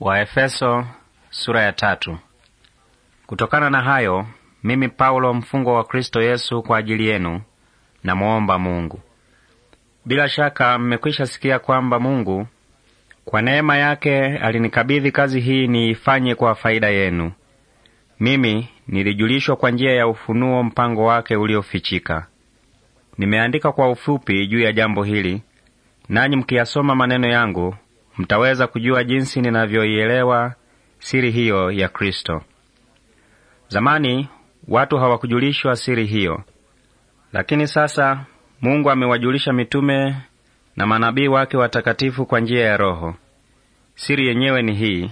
Waefeso sura ya tatu. Kutokana na hayo mimi Paulo mfungwa wa Kristo Yesu kwa ajili yenu namwomba Mungu. Bila shaka mmekwisha sikia kwamba Mungu kwa neema yake alinikabidhi kazi hii niifanye kwa faida yenu. Mimi nilijulishwa kwa njia ya ufunuo mpango wake uliofichika. Nimeandika kwa ufupi juu ya jambo hili, nanyi mkiyasoma maneno yangu mtaweza kujua jinsi ninavyoielewa siri hiyo ya Kristo. Zamani watu hawakujulishwa siri hiyo, lakini sasa Mungu amewajulisha mitume na manabii wake watakatifu kwa njia ya Roho. Siri yenyewe ni hii: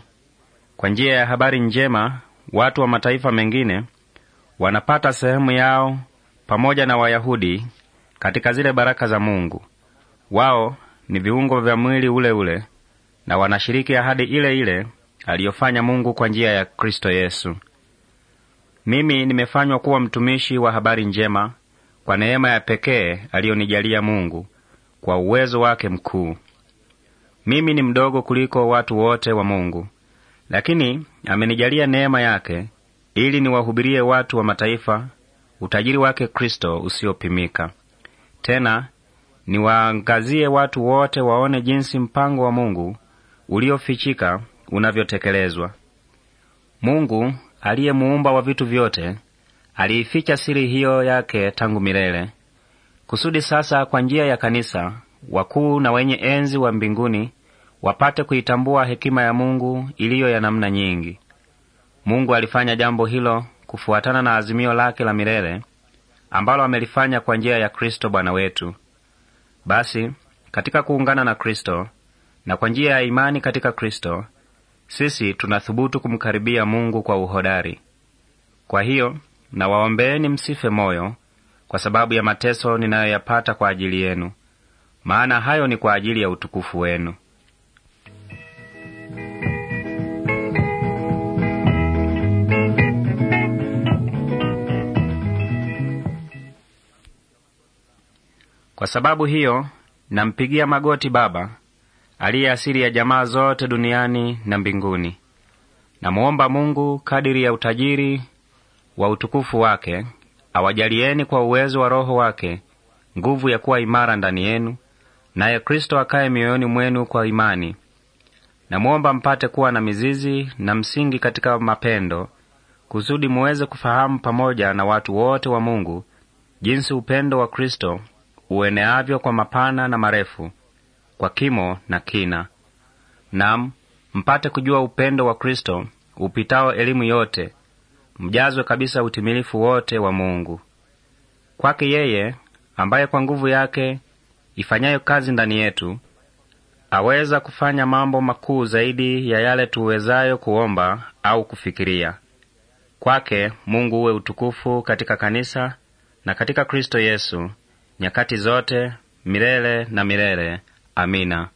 kwa njia ya habari njema, watu wa mataifa mengine wanapata sehemu yao pamoja na Wayahudi katika zile baraka za Mungu. Wao ni viungo vya mwili ule ule na wanashiriki ahadi ile ile aliyofanya Mungu kwa njia ya Kristo Yesu. Mimi nimefanywa kuwa mtumishi wa habari njema kwa neema ya pekee aliyonijalia Mungu kwa uwezo wake mkuu. Mimi ni mdogo kuliko watu wote wa Mungu, lakini amenijalia neema yake ili niwahubirie watu wa mataifa utajiri wake Kristo usiopimika. Tena niwaangazie watu wote waone jinsi mpango wa Mungu uliofichika unavyotekelezwa. Mungu aliye muumba wa vitu vyote aliificha siri hiyo yake tangu milele, kusudi sasa kwa njia ya kanisa wakuu na wenye enzi wa mbinguni wapate kuitambua hekima ya Mungu iliyo ya namna nyingi. Mungu alifanya jambo hilo kufuatana na azimio lake la milele ambalo amelifanya kwa njia ya Kristo Bwana wetu. Basi katika kuungana na Kristo na kwa njia ya imani katika Kristo sisi tunathubutu kumkaribia Mungu kwa uhodari. Kwa hiyo nawaombeeni msife moyo kwa sababu ya mateso ninayoyapata kwa ajili yenu, maana hayo ni kwa ajili ya utukufu wenu. Kwa sababu hiyo nampigia magoti Baba aliye asili ya jamaa zote duniani na mbinguni. Namuomba Mungu kadiri ya utajiri wa utukufu wake awajalieni kwa uwezo wa Roho wake nguvu ya kuwa imara ndani yenu, naye Kristo akaye mioyoni mwenu kwa imani. Namuomba mpate kuwa na mizizi na msingi katika mapendo, kusudi muweze kufahamu pamoja na watu wote wa Mungu jinsi upendo wa Kristo ueneavyo kwa mapana na marefu kwa kimo na kina, nam mpate kujua upendo wa Kristo upitao elimu yote, mjazwe kabisa utimilifu wote wa Mungu. Kwake yeye ambaye kwa nguvu yake ifanyayo kazi ndani yetu aweza kufanya mambo makuu zaidi ya yale tuwezayo kuomba au kufikiria. Kwake Mungu uwe utukufu katika kanisa na katika Kristo Yesu nyakati zote milele na milele. amena